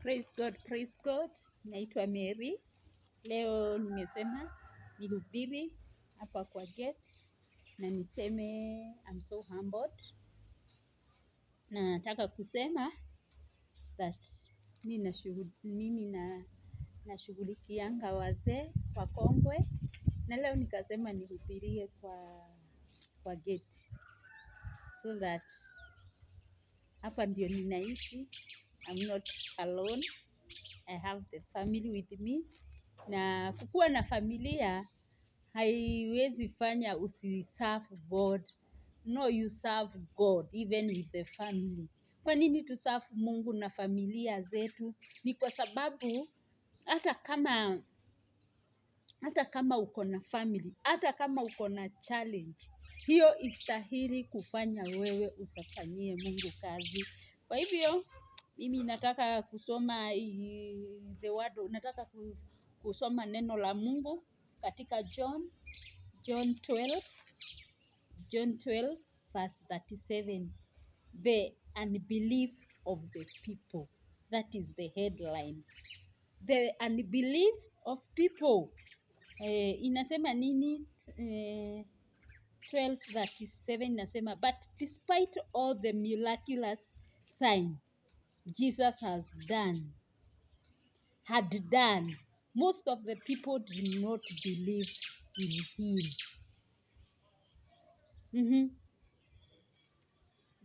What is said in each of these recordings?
Praise God, praise God. Naitwa Mary. Leo nimesema nihubiri hapa kwa gate na niseme I'm so humbled. Na nataka kusema that mimi na nashughulikianga wazee wakongwe, na leo nikasema nihubirie kwa kwa gate so that hapa ndio ninaishi I'm not alone. I have the family with me. Na kukuwa na familia haiwezi fanya usiserve God. No, you serve God even with the family. Kwa nini tuserve Mungu na familia zetu? Ni kwa sababu hata kama hata kama uko na family, hata kama uko na challenge, hiyo istahili kufanya wewe usafanyie Mungu kazi. Kwa hivyo mimi nataka kusoma the word, nataka kusoma neno la Mungu katika John, John 12, John 12 verse 37. The unbelief of the people. That is the headline. The unbelief of people. Eh, inasema nini? Eh, 12 37 inasema but despite all the miraculous signs Jesus has done, had done, most of the people did not believe in him. Mm-hmm.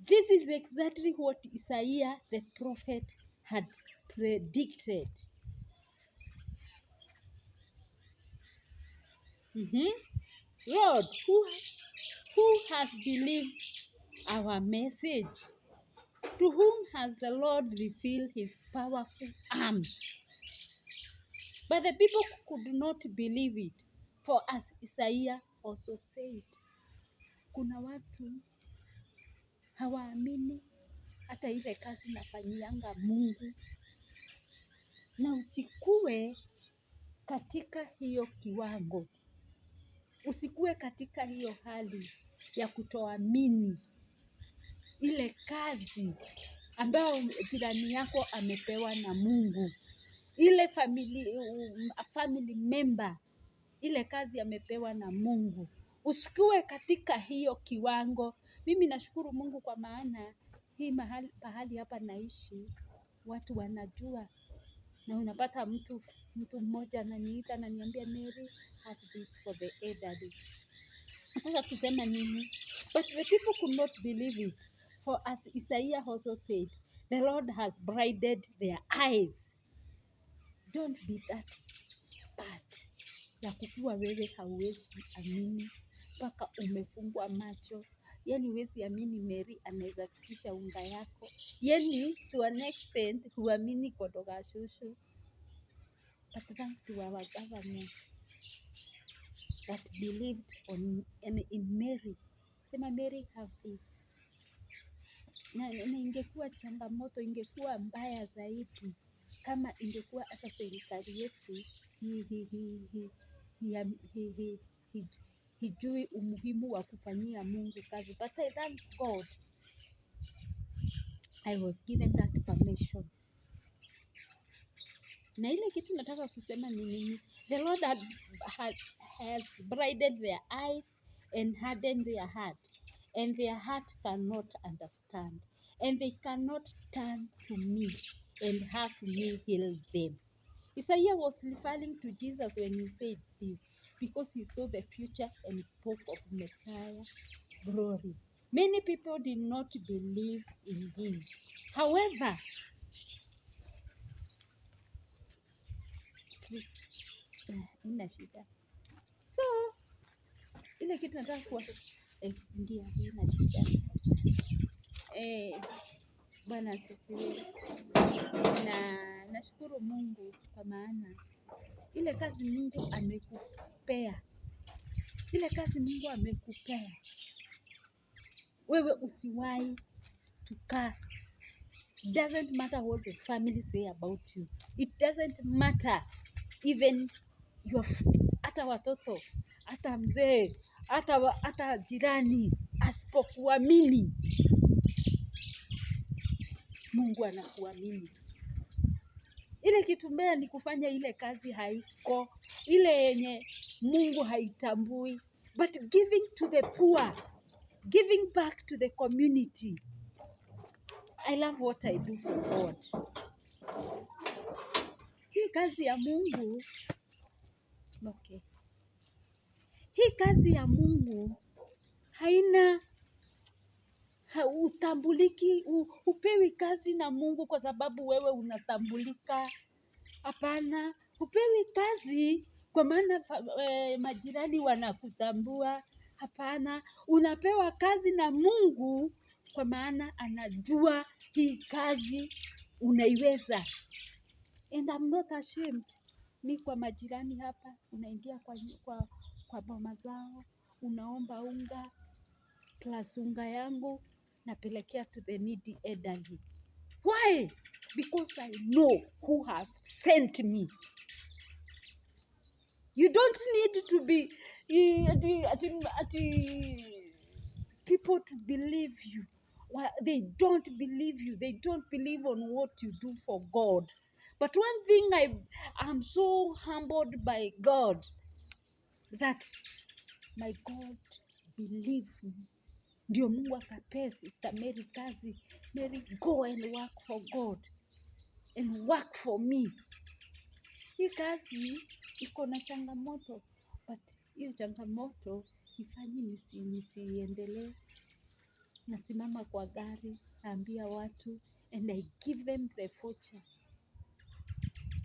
This is exactly what Isaiah the prophet had predicted. Mm-hmm. Lord, who, who has believed our message? To whom has the Lord revealed his powerful arms? But the people could not believe it, for as Isaiah also said, kuna watu hawaamini hata ile kazi nafanyianga Mungu, na usikue katika hiyo kiwango, usikue katika hiyo hali ya kutoamini ile kazi ambayo jirani yako amepewa na Mungu, ile family, family member ile kazi amepewa na Mungu, usikue katika hiyo kiwango. Mimi nashukuru Mungu kwa maana hii mahali, pahali hapa naishi watu wanajua, na unapata mtu mtu mmoja ananiita ananiambia, Mary have this for the elderly. Sasa kusema nini? But the people could not believe it. For as Isaiah also said, the Lord has blinded their eyes. Don't be that bad ya kukua wewe hauwezi amini mpaka umefungwa macho. Yani huwezi amini Mary anaweza fikisha unga yako, yani to an extent huamini kodoga shushu. But thanks to our government that believed on, and in Mary. Sema Mary have faith na, na ingekuwa changamoto, ingekuwa mbaya zaidi kama ingekuwa hata serikali yetu hijui umuhimu wa kufanyia Mungu kazi. But I thank God I was given that permission. Na ile kitu nataka kusema ni nini? The Lord had, had, has brightened their eyes and hardened their heart and their heart cannot understand, and they cannot turn to me and have me heal them. Isaiah was referring to Jesus when he said this because he saw the future and spoke of Messiah glory. Many people did not believe in him. However, uh, So ile kitu nataka ndio eh, Bwana asifiwe. Na nashukuru Mungu kwa maana ile kazi Mungu amekupea, ile kazi Mungu amekupea wewe, usiwahi kukaa. doesn't matter what the family say about you, it doesn't matter even your, hata watoto hata mzee hata, hata jirani asipokuamini Mungu anakuamini. Ile kitu mbaya ni kufanya ile kazi haiko ile yenye Mungu haitambui, but giving to the poor, giving back to the community. I love what I do for God. Hii kazi ya Mungu okay. Hii kazi ya Mungu haina utambuliki, upewi kazi na Mungu kwa sababu wewe unatambulika. Hapana, upewi kazi kwa maana e, majirani wanakutambua. Hapana, unapewa kazi na Mungu kwa maana anajua hii kazi unaiweza. And I'm not ashamed. Mi kwa majirani hapa unaingia kwa, kwa kwa mama zao, unaomba unga plus unga yangu napelekea to the needy elderly. Why? Because I know who have sent me. You don't need to be ati, ati, ati people to believe you. Well, they don't believe you. They don't believe on what you do for God. But one thing I, I'm so humbled by God that my God believe me. Ndio Mungu akapea Sister Mary kazi. Mary, go and work for God and work for me. Hii kazi iko na changamoto, but hiyo changamoto ifanyi nisi Nasimama kwa gari, naambia watu and I give them the voucher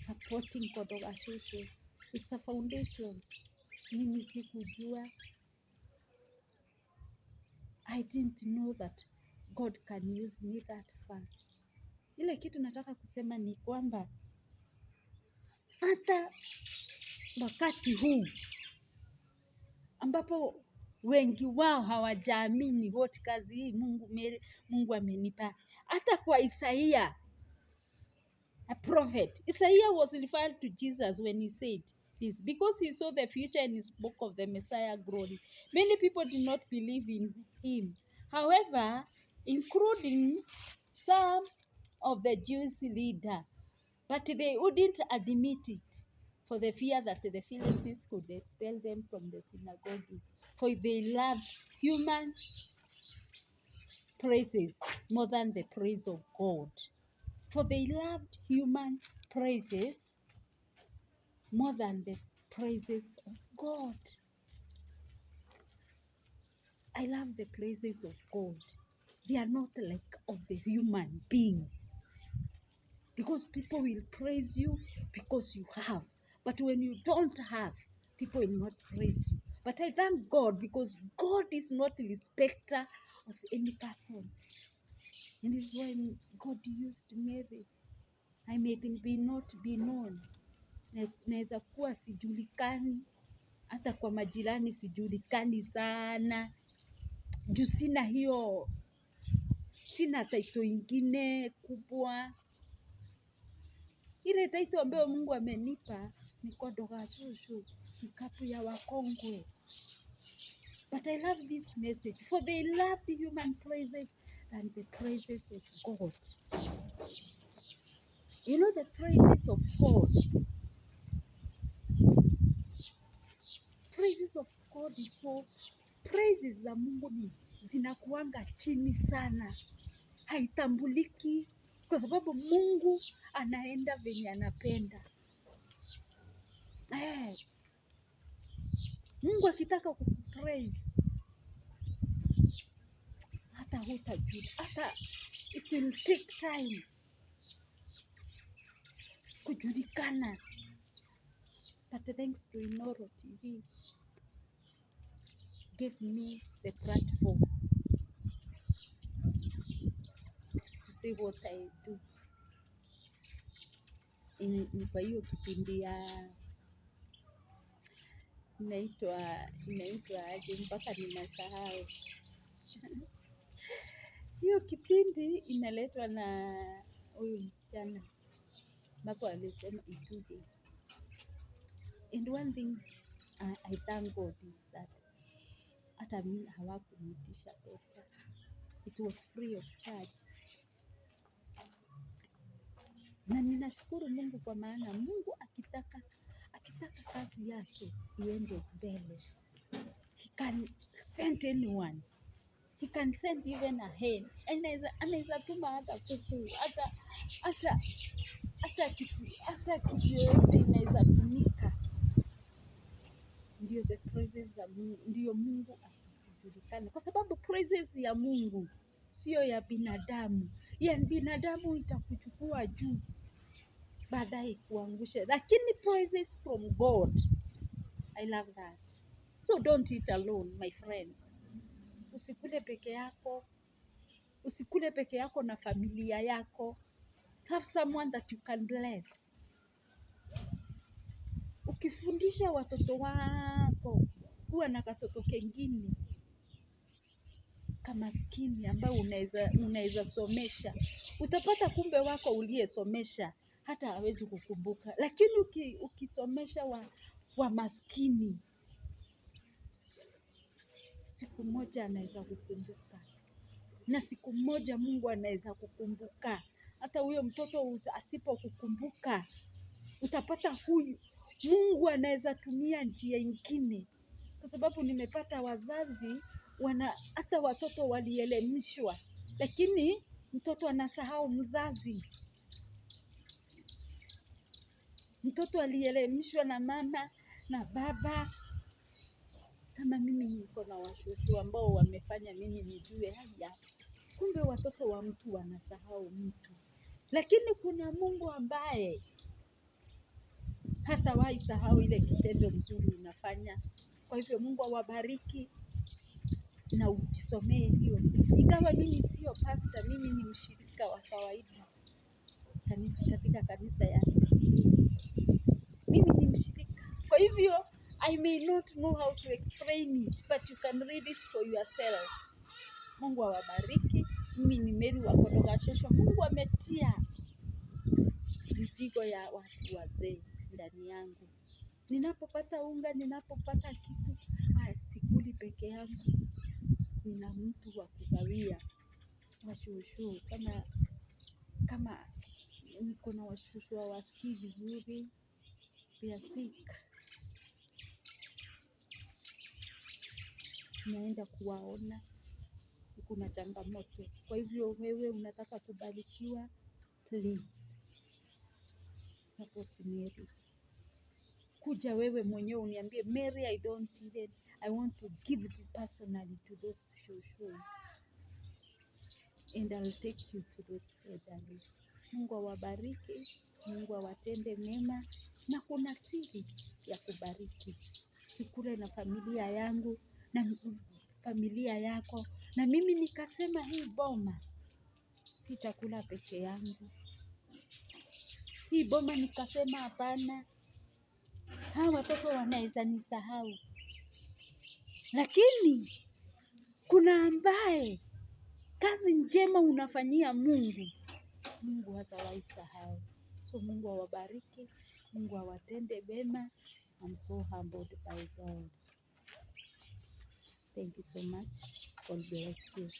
supporting Kodogashushi. It's a foundation mimi sikujua. I didn't know that God can use me that far. Ile kitu nataka kusema ni kwamba hata wakati huu ambapo wengi wao hawajaamini wote kazi hii Mungu, Mungu amenipa. Hata kwa Isaia a prophet, Isaia was referred to Jesus when he said because he saw the future and he spoke of the Messiah glory. Many people did not believe in him. However, including some of the Jewish leaders, but they wouldn't admit it for the fear that the Pharisees could expel them from the synagogue, for they loved human praises more than the praise of God. For they loved human praises more than the praises of God. I love the praises of God. They are not like of the human being. Because people will praise you because you have. But when you don't have, people will not praise you. But I thank God because God is not a respecter of any person. And this is why God used Mary. I may be not be known. naweza kuwa sijulikani, hata kwa majirani sijulikani sana juu sina hiyo, sina taito ingine kubwa. Ile taito ambayo Mungu amenipa ni Kodoga susu kikapu ya wakongwe. But I love this message for they love the human praises and the praises of God. You know the praises of God praises of God so praises za Mungu ni zinakuanga chini sana, haitambuliki kwa sababu Mungu anaenda venye anapenda. Eh, Mungu akitaka kukupraise hata hutajua, hata it will take time kujulikana, but thanks to Inooro TV give me the platform to say what I do. Ni kwa hiyo kipindi ya inaitwa inaitwa aje, mpaka ninasahau hiyo kipindi inaletwa na huyu msichana ambapo alisema Itude. And one thing I, I thank God is that hata mimi hawakuniitisha pesa. It was free of charge. Na ninashukuru Mungu kwa maana Mungu akitaka akitaka kazi yake iende mbele. He can send anyone. He can send even a hen. Anaweza tuma hata kuku, hata hata hata kitu yoyote. praises za Mungu ndiyo Mungu atajulikana, kwa sababu praises ya Mungu siyo ya binadamu. Ya binadamu itakuchukua juu baadaye kuangusha, lakini praises from God. I love that, so don't eat alone my friend. Usikule peke yako, usikule peke yako na familia yako. Have someone that you can bless. Ukifundisha watoto wako kuwa na katoto kengine kamaskini ambao ambayo unaeza somesha. Utapata kumbe wako uliyesomesha hata hawezi kukumbuka, lakini uki, ukisomesha wa, wa maskini siku moja anaweza kukumbuka, na siku moja Mungu anaweza kukumbuka. Hata huyo mtoto asipokukumbuka, utapata huyu Mungu anaweza tumia njia ingine kwa sababu nimepata wazazi wana hata watoto walielemishwa, lakini mtoto anasahau mzazi. Mtoto alielemishwa na mama na baba. Kama mimi niko na washoshu ambao wamefanya mimi nijue haya, kumbe watoto wa mtu wanasahau mtu, lakini kuna Mungu ambaye hata waisahau ile kitendo mzuri unafanya. Kwa hivyo Mungu awabariki na ujisomee hiyo. Ingawa mimi sio pasta, mimi ni mshirika wa kawaida katika kanisa ya mimi ni mshirika, kwa hivyo I may not know how to explain it but you can read it for yourself. Mungu awabariki. Mimi ni Mary wa Shosho. Mungu ametia mizigo ya watu wazee ndani yangu. Ninapopata unga, ninapopata kitu, sikuli peke yangu. Nina mtu wa kugawia, washuushu, kama kama niko na washuushu hawasikii vizuri, they are Naenda kuwaona, kuna changamoto. Kwa hivyo wewe unataka kubarikiwa, please support Mary kuja wewe mwenyewe uniambie Mary, I don't even I want to give it personally to those shosho and I'll take you to those elderly. Mungu awabariki, Mungu awatende mema, na kuna siri ya kubariki sikule na familia yangu na familia yako, na mimi nikasema hii boma sitakula peke yangu, hii boma nikasema hapana hawa watoto wanaweza nisahau, lakini kuna ambaye kazi njema unafanyia Mungu, Mungu hatawahi sahau. So Mungu awabariki, Mungu awatende bema. I'm so humbled by God. Thank you so much. God bless you.